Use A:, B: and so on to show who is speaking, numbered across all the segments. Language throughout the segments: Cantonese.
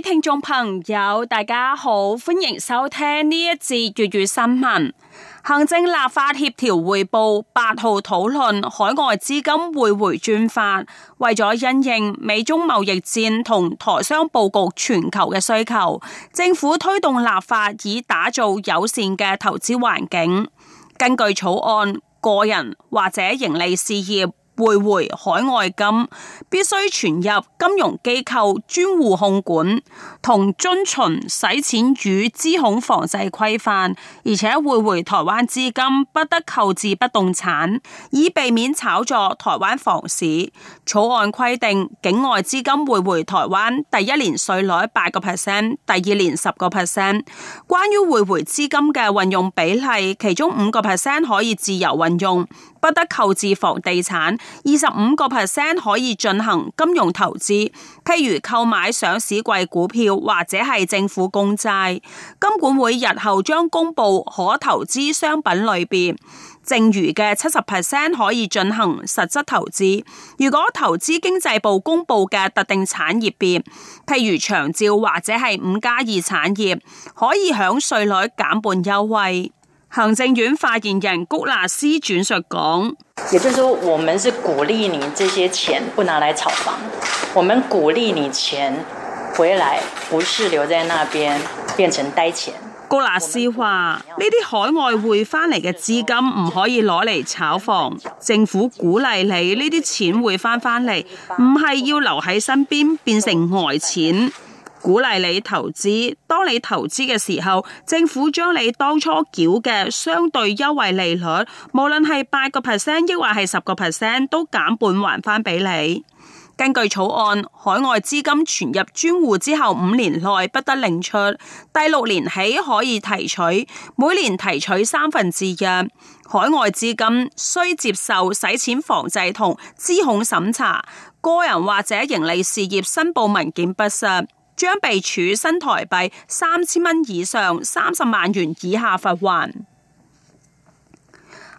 A: 聽眾朋友，大家好，歡迎收聽呢一節粵語新聞。行政立法協調匯報八號討論海外資金匯回專法，為咗因應美中貿易戰同台商布局全球嘅需求，政府推動立法以打造友善嘅投資環境。根據草案，個人或者盈利事業。匯回，回海外金必須存入金融機構專戶控管，同遵循洗錢與資恐防制規範，而且匯回,回台灣資金不得購置不動產，以避免炒作台灣房市。草案規定，境外資金匯回,回台灣第一年稅率八個 percent，第二年十個 percent。關於匯回資金嘅運用比例，其中五個 percent 可以自由運用，不得購置房地產。二十五個 percent 可以進行金融投資，譬如購買上市櫃股票或者係政府公債。金管會日後將公布可投資商品類別，剩餘嘅七十 percent 可以進行實質投資。如果投資經濟部公布嘅特定產業別，譬如長照或者係五加二產業，可以享稅率減半優惠。行政院發言人谷納斯轉述講。也就是說，我們是鼓勵你這些錢不拿來炒房，我們鼓勵你錢回來，不是留在那邊變成呆錢。高納斯話：呢啲海外匯翻嚟嘅資金唔可以攞嚟炒房，政府鼓勵你呢啲錢會翻翻嚟，唔係要留喺身邊變成呆錢。鼓勵你投資。當你投資嘅時候，政府將你當初繳嘅相對優惠利率，無論係八個 percent 抑或係十個 percent，都減半還返俾你。根據草案，海外資金存入專戶之後五年內不得領出，第六年起可以提取，每年提取三分之一。海外資金，需接受洗錢防制同資控審查。個人或者盈利事業申報文件不實。將被處新台幣三千蚊以上三十萬元以下罰鍰。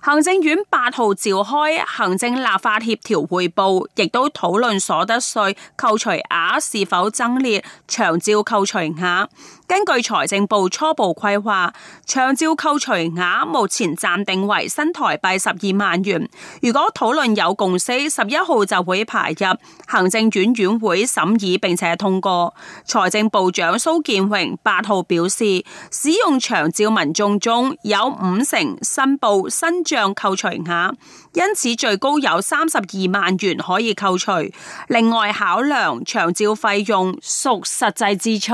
A: 行政院八號召開行政立法協調會報，亦都討論所得稅扣除額是否增列長照扣除額。根據財政部初步規劃，長照扣除額目前暫定為新台幣十二萬元。如果討論有共識，十一號就會排入行政院院會審議並且通過。財政部長蘇建榮八號表示，使用長照民眾中有五成申報新賬扣除額。因此最高有三十二萬元可以扣除，另外考量長照費用屬實際支出，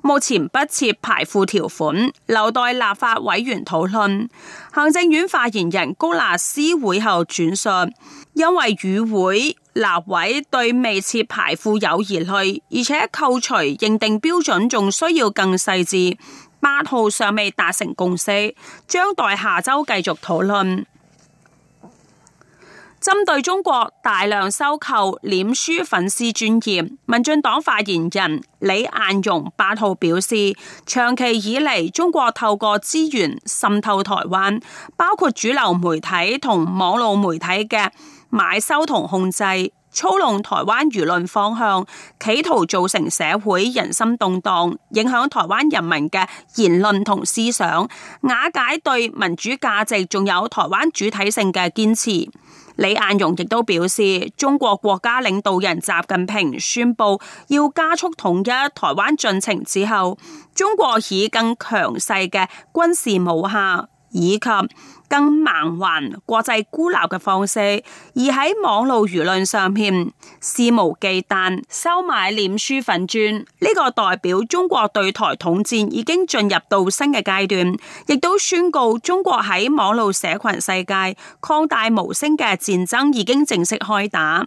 A: 目前不設排富條款，留待立法委員討論。行政院發言人高納斯會後轉述，因為與會立委對未設排富有疑慮，而且扣除認定標準仲需要更細緻，八號尚未達成共識，將待下週繼續討論。針對中國大量收購臉書粉絲專頁，民進黨發言人李彥榮八號表示，長期以嚟，中國透過資源滲透台灣，包括主流媒體同網絡媒體嘅買收同控制，操弄台灣輿論方向，企圖造成社會人心動盪，影響台灣人民嘅言論同思想，瓦解對民主價值仲有台灣主體性嘅堅持。李彥榮亦都表示，中國國家領導人習近平宣布要加速統一台灣進程之後，中國以更強勢嘅軍事武嚇。以及更蠻橫國際孤立嘅方式，而喺網路輿論上面肆無忌憚收買臉書粉專，呢、這個代表中國對台統戰已經進入到新嘅階段，亦都宣告中國喺網路社群世界擴大無聲嘅戰爭已經正式開打。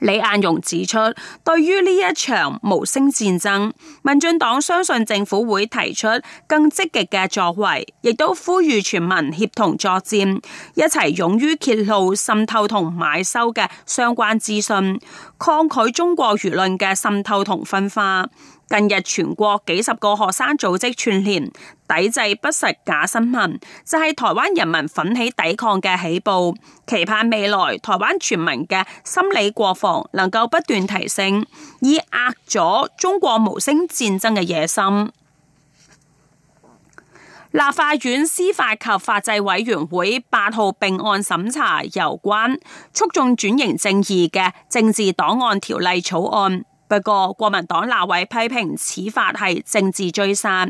A: 李彥容指出，對於呢一場無聲戰爭，民進黨相信政府會提出更積極嘅作為，亦都呼籲全民協同作戰，一齊勇於揭露滲透同買收嘅相關資訊，抗拒中國輿論嘅滲透同分化。近日全國幾十個學生組織串聯抵制不實假新聞，就係台灣人民奮起抵抗嘅起步，期盼未來台灣全民嘅心理國防能夠不斷提升，以壓咗中國無聲戰爭嘅野心。立法院司法及法制委員會八號併案審查有關促進轉型正義嘅政治檔案條例草案。不過國民黨立委批評此法係政治追殺，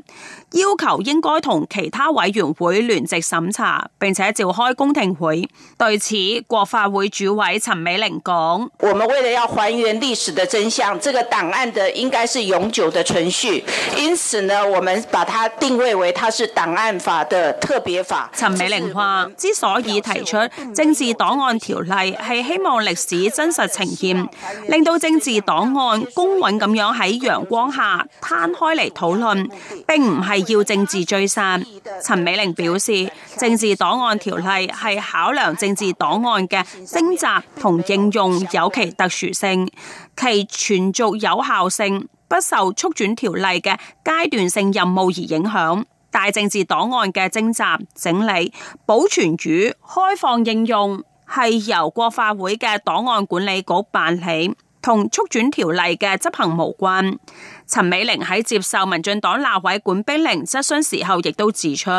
A: 要求應該同其他委員會聯席審查，並且召開公聽會。對此，國法會主委陳美玲講：我們為了要還原歷史的真相，這個檔案的應該是永久的存續，因此呢，我們把它定位為它是檔案法的特別法。陳美玲話：之所以提出政治檔案條例，係希望歷史真實呈現，令到政治檔案。公允咁樣喺陽光下攤開嚟討論，並唔係要政治追殺。陳美玲表示，政治檔案條例係考量政治檔案嘅徵集同應用有其特殊性，其存續有效性不受促轉條例嘅階段性任務而影響。大政治檔案嘅徵集、整理、保存與開放應用，係由國發會嘅檔案管理局辦理。同促轉條例嘅執行無關。陳美伶喺接受民進黨立委管碧玲質詢時候，亦都指出，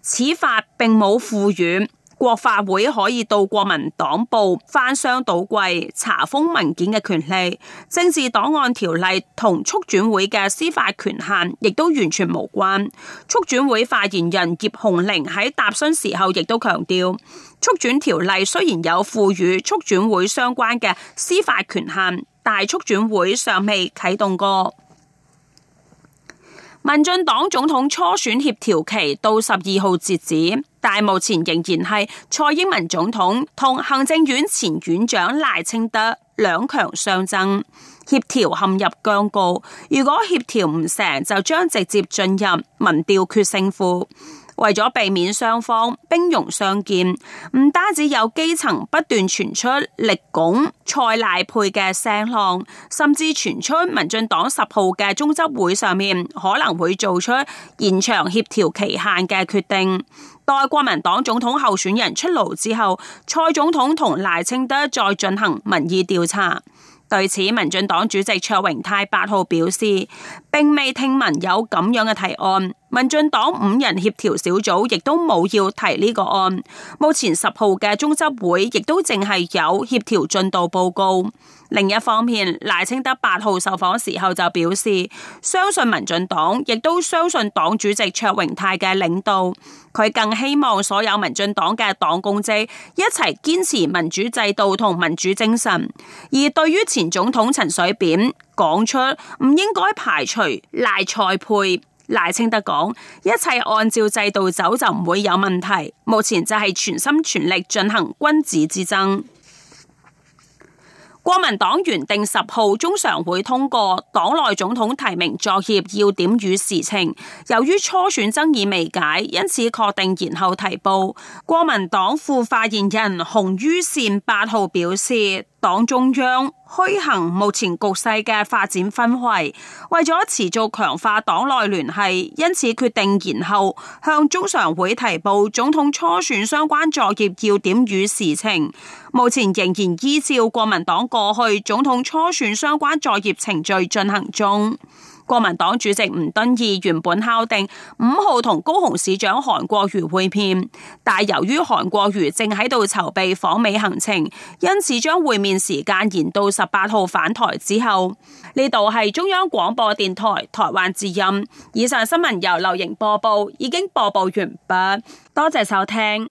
A: 此法並冇賦予國發會可以到國民黨部翻箱倒櫃查封文件嘅權利。政治檔案條例同促轉會嘅司法權限亦都完全無關。促轉會發言人葉虹靈喺答詢時候強調，亦都強調。促轉條例雖然有賦予促轉會相關嘅司法權限，但促轉會尚未啟動過。民進黨總統初選協調期到十二號截止，但目前仍然係蔡英文總統同行政院前院長賴清德兩強相爭，協調陷入僵局。如果協調唔成，就將直接進入民調決勝負。為咗避免雙方兵戎相見，唔單止有基層不斷傳出力拱蔡賴配嘅聲浪，甚至傳出民進黨十號嘅中執會上面可能會做出延長協調期限嘅決定。待國民黨總統候選人出爐之後，蔡總統同賴清德再進行民意調查。對此，民進黨主席卓榮泰八號表示，並未聽聞有咁樣嘅提案。民進黨五人協調小組亦都冇要提呢個案，目前十號嘅中執會亦都淨係有協調進度報告。另一方面，賴清德八號受訪時候就表示，相信民進黨亦都相信黨主席卓榮泰嘅領導。佢更希望所有民進黨嘅黨公職一齊堅持民主制度同民主精神。而對於前總統陳水扁，講出唔應該排除賴蔡配。賴清德講：一切按照制度走就唔會有問題。目前就係全心全力進行君子之爭。國民黨原定十號中常會通過黨內總統提名作業要點與時程。由於初選爭議未解，因此確定延後提報。國民黨副發言人洪于善八號表示，黨中央虛行目前局勢嘅發展氛圍，為咗持續強化黨內聯繫，因此決定延後向中常會提報總統初選相關作業要點與時程。目前仍然依照國民黨過去總統初選相關作業程序進行中。國民黨主席吳敦義原本敲定五號同高雄市長韓國瑜會面，但由於韓國瑜正喺度籌備訪美行程，因此將會面時間延到十八號返台之後。呢度係中央廣播電台台灣之音，以上新聞由劉瑩播報，已經播報完畢，多謝收聽。